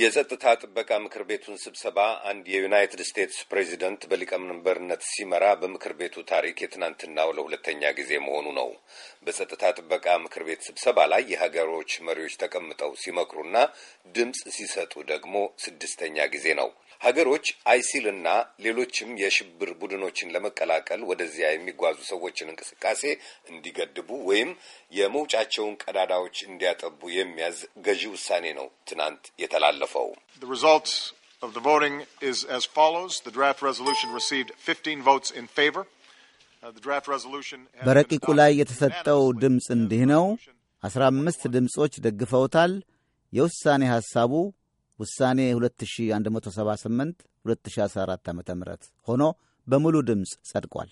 የጸጥታ ጥበቃ ምክር ቤቱን ስብሰባ አንድ የዩናይትድ ስቴትስ ፕሬዚደንት በሊቀመንበርነት ሲመራ በምክር ቤቱ ታሪክ የትናንትናው ለሁለተኛ ጊዜ መሆኑ ነው። በጸጥታ ጥበቃ ምክር ቤት ስብሰባ ላይ የሀገሮች መሪዎች ተቀምጠው ሲመክሩና ድምፅ ሲሰጡ ደግሞ ስድስተኛ ጊዜ ነው። ሀገሮች አይሲል እና ሌሎችም የሽብር ቡድኖችን ለመቀላቀል ወደዚያ የሚጓዙ ሰዎችን እንቅስቃሴ እንዲገድቡ ወይም የመውጫቸውን ቀዳዳዎች እንዲያጠቡ የሚያዝ ገዢ ውሳኔ ነው ትናንት የተላለፈው። uh, በረቂቁ ላይ የተሰጠው ድምፅ እንዲህ ነው። አስራ አምስት ድምፆች ደግፈውታል። የውሳኔ ሐሳቡ ውሳኔ 2178 2014 ዓ ም ሆኖ በሙሉ ድምፅ ጸድቋል።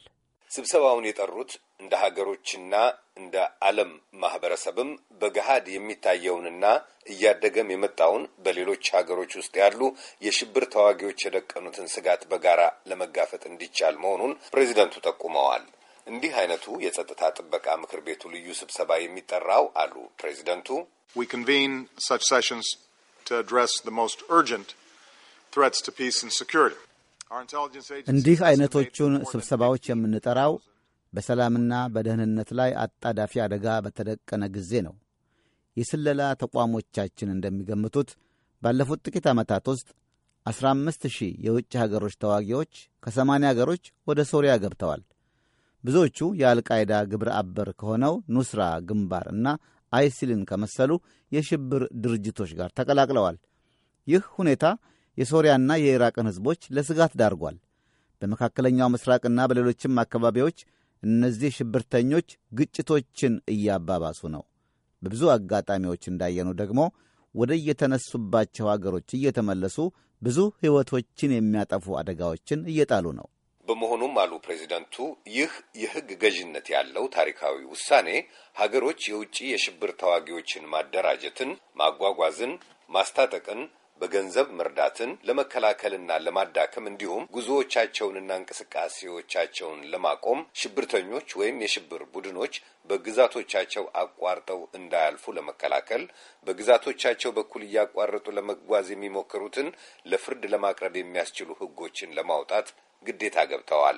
ስብሰባውን የጠሩት እንደ ሀገሮችና እንደ ዓለም ማኅበረሰብም በገሃድ የሚታየውንና እያደገም የመጣውን በሌሎች ሀገሮች ውስጥ ያሉ የሽብር ተዋጊዎች የደቀኑትን ስጋት በጋራ ለመጋፈጥ እንዲቻል መሆኑን ፕሬዚደንቱ ጠቁመዋል። እንዲህ አይነቱ የጸጥታ ጥበቃ ምክር ቤቱ ልዩ ስብሰባ የሚጠራው አሉ ፕሬዚደንቱ address the most urgent threats to peace and security. እንዲህ አይነቶቹን ስብሰባዎች የምንጠራው በሰላምና በደህንነት ላይ አጣዳፊ አደጋ በተደቀነ ጊዜ ነው። የስለላ ተቋሞቻችን እንደሚገምቱት ባለፉት ጥቂት ዓመታት ውስጥ 15 ሺህ የውጭ ሀገሮች ተዋጊዎች ከ80 አገሮች ወደ ሶሪያ ገብተዋል። ብዙዎቹ የአልቃይዳ ግብረ አበር ከሆነው ኑስራ ግንባር እና አይሲልን ከመሰሉ የሽብር ድርጅቶች ጋር ተቀላቅለዋል። ይህ ሁኔታ የሶሪያና የኢራቅን ሕዝቦች ለስጋት ዳርጓል። በመካከለኛው ምስራቅና በሌሎችም አካባቢዎች እነዚህ ሽብርተኞች ግጭቶችን እያባባሱ ነው። በብዙ አጋጣሚዎች እንዳየኑ ደግሞ ወደ የተነሱባቸው አገሮች እየተመለሱ ብዙ ሕይወቶችን የሚያጠፉ አደጋዎችን እየጣሉ ነው። በመሆኑም አሉ ፕሬዚደንቱ፣ ይህ የህግ ገዥነት ያለው ታሪካዊ ውሳኔ ሀገሮች የውጭ የሽብር ተዋጊዎችን ማደራጀትን፣ ማጓጓዝን፣ ማስታጠቅን በገንዘብ መርዳትን ለመከላከልና ለማዳከም እንዲሁም ጉዞዎቻቸውንና እንቅስቃሴዎቻቸውን ለማቆም ሽብርተኞች ወይም የሽብር ቡድኖች በግዛቶቻቸው አቋርጠው እንዳያልፉ ለመከላከል በግዛቶቻቸው በኩል እያቋረጡ ለመጓዝ የሚሞክሩትን ለፍርድ ለማቅረብ የሚያስችሉ ሕጎችን ለማውጣት ግዴታ ገብተዋል።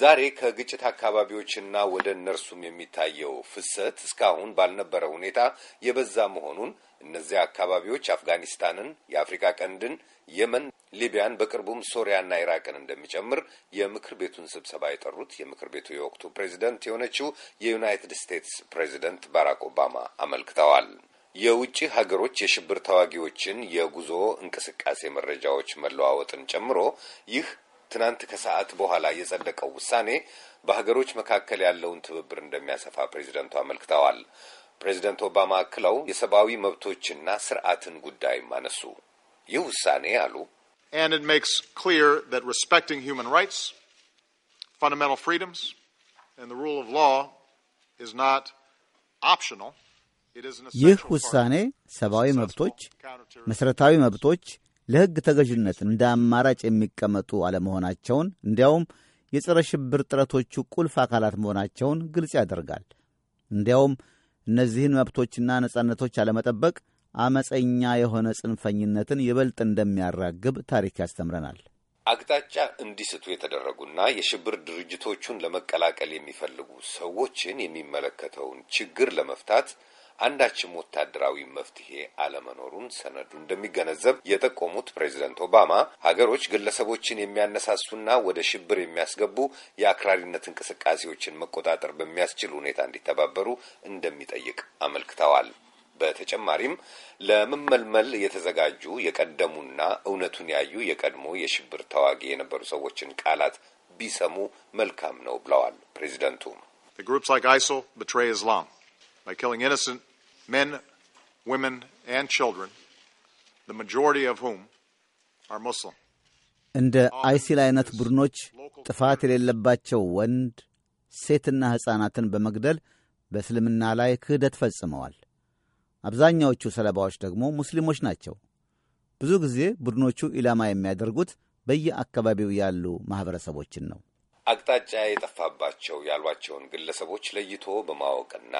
ዛሬ ከግጭት አካባቢዎችና ወደ እነርሱም የሚታየው ፍሰት እስካሁን ባልነበረ ሁኔታ የበዛ መሆኑን እነዚያ አካባቢዎች አፍጋኒስታንን፣ የአፍሪካ ቀንድን፣ የመን፣ ሊቢያን በቅርቡም ሶሪያና ኢራቅን እንደሚጨምር የምክር ቤቱን ስብሰባ የጠሩት የምክር ቤቱ የወቅቱ ፕሬዚደንት የሆነችው የዩናይትድ ስቴትስ ፕሬዚደንት ባራክ ኦባማ አመልክተዋል። የውጭ ሀገሮች የሽብር ተዋጊዎችን የጉዞ እንቅስቃሴ መረጃዎች መለዋወጥን ጨምሮ ይህ ትናንት ከሰዓት በኋላ የጸደቀው ውሳኔ በሀገሮች መካከል ያለውን ትብብር እንደሚያሰፋ ፕሬዚደንቱ አመልክተዋል። ፕሬዚደንት ኦባማ አክለው የሰብአዊ መብቶችና ስርዓትን ጉዳይም አነሱ። ይህ ውሳኔ አሉ ይህ ውሳኔ ሰብአዊ መብቶች፣ መሠረታዊ መብቶች ለሕግ ተገዥነት እንደ አማራጭ የሚቀመጡ አለመሆናቸውን እንዲያውም የጸረ ሽብር ጥረቶቹ ቁልፍ አካላት መሆናቸውን ግልጽ ያደርጋል። እንዲያውም እነዚህን መብቶችና ነጻነቶች አለመጠበቅ አመፀኛ የሆነ ጽንፈኝነትን ይበልጥ እንደሚያራግብ ታሪክ ያስተምረናል። አቅጣጫ እንዲስቱ የተደረጉና የሽብር ድርጅቶቹን ለመቀላቀል የሚፈልጉ ሰዎችን የሚመለከተውን ችግር ለመፍታት አንዳችም ወታደራዊ መፍትሄ አለመኖሩን ሰነዱ እንደሚገነዘብ የጠቆሙት ፕሬዚደንት ኦባማ ሀገሮች ግለሰቦችን የሚያነሳሱና ወደ ሽብር የሚያስገቡ የአክራሪነት እንቅስቃሴዎችን መቆጣጠር በሚያስችል ሁኔታ እንዲተባበሩ እንደሚጠይቅ አመልክተዋል። በተጨማሪም ለመመልመል የተዘጋጁ የቀደሙና እውነቱን ያዩ የቀድሞ የሽብር ተዋጊ የነበሩ ሰዎችን ቃላት ቢሰሙ መልካም ነው ብለዋል ፕሬዚደንቱ። by killing innocent men, women, and children, the majority of whom are Muslim. እንደ አይሲል አይነት ቡድኖች ጥፋት የሌለባቸው ወንድ ሴትና ሕፃናትን በመግደል በእስልምና ላይ ክህደት ፈጽመዋል። አብዛኛዎቹ ሰለባዎች ደግሞ ሙስሊሞች ናቸው። ብዙ ጊዜ ቡድኖቹ ኢላማ የሚያደርጉት በየአካባቢው ያሉ ማኅበረሰቦችን ነው። አቅጣጫ የጠፋባቸው ያሏቸውን ግለሰቦች ለይቶ በማወቅና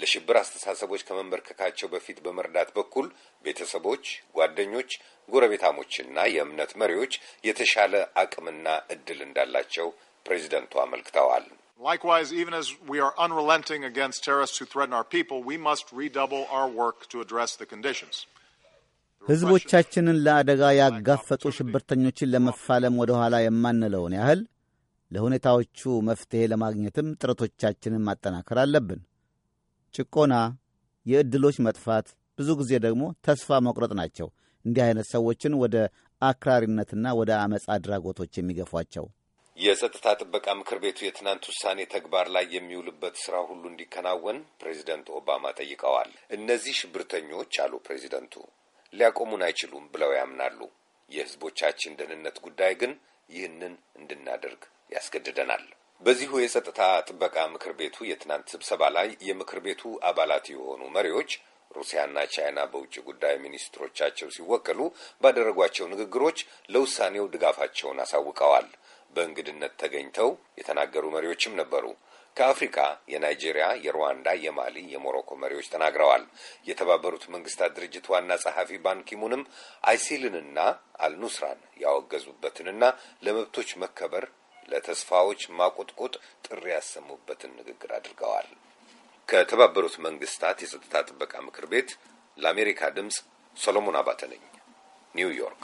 ለሽብር አስተሳሰቦች ከመንበርከካቸው በፊት በመርዳት በኩል ቤተሰቦች፣ ጓደኞች፣ ጎረቤታሞችና የእምነት መሪዎች የተሻለ አቅምና እድል እንዳላቸው ፕሬዚደንቱ አመልክተዋል። Likewise, even as we are unrelenting against terrorists who threaten our people, we must redouble our work to address the conditions. ሕዝቦቻችንን ለአደጋ ያጋፈጡ ሽብርተኞችን ለመፋለም ወደ ኋላ የማንለውን ያህል ለሁኔታዎቹ መፍትሔ ለማግኘትም ጥረቶቻችንን ማጠናከር አለብን። ጭቆና፣ የዕድሎች መጥፋት፣ ብዙ ጊዜ ደግሞ ተስፋ መቁረጥ ናቸው እንዲህ አይነት ሰዎችን ወደ አክራሪነትና ወደ አመፅ አድራጎቶች የሚገፏቸው። የጸጥታ ጥበቃ ምክር ቤቱ የትናንት ውሳኔ ተግባር ላይ የሚውልበት ስራ ሁሉ እንዲከናወን ፕሬዚደንት ኦባማ ጠይቀዋል። እነዚህ ሽብርተኞች አሉ ፕሬዚደንቱ፣ ሊያቆሙን አይችሉም ብለው ያምናሉ። የህዝቦቻችን ደህንነት ጉዳይ ግን ይህንን እንድናደርግ ያስገድደናል። በዚሁ የጸጥታ ጥበቃ ምክር ቤቱ የትናንት ስብሰባ ላይ የምክር ቤቱ አባላት የሆኑ መሪዎች ሩሲያና ቻይና በውጭ ጉዳይ ሚኒስትሮቻቸው ሲወከሉ ባደረጓቸው ንግግሮች ለውሳኔው ድጋፋቸውን አሳውቀዋል። በእንግድነት ተገኝተው የተናገሩ መሪዎችም ነበሩ። ከአፍሪካ የናይጄሪያ፣ የሩዋንዳ፣ የማሊ፣ የሞሮኮ መሪዎች ተናግረዋል። የተባበሩት መንግስታት ድርጅት ዋና ጸሐፊ ባንኪሙንም አይሲልንና አልኑስራን ያወገዙበትንና ለመብቶች መከበር ለተስፋዎች ማቆጥቆጥ ጥሪ ያሰሙበትን ንግግር አድርገዋል። ከተባበሩት መንግስታት የጸጥታ ጥበቃ ምክር ቤት ለአሜሪካ ድምፅ ሰሎሞን አባተ ነኝ፣ ኒውዮርክ።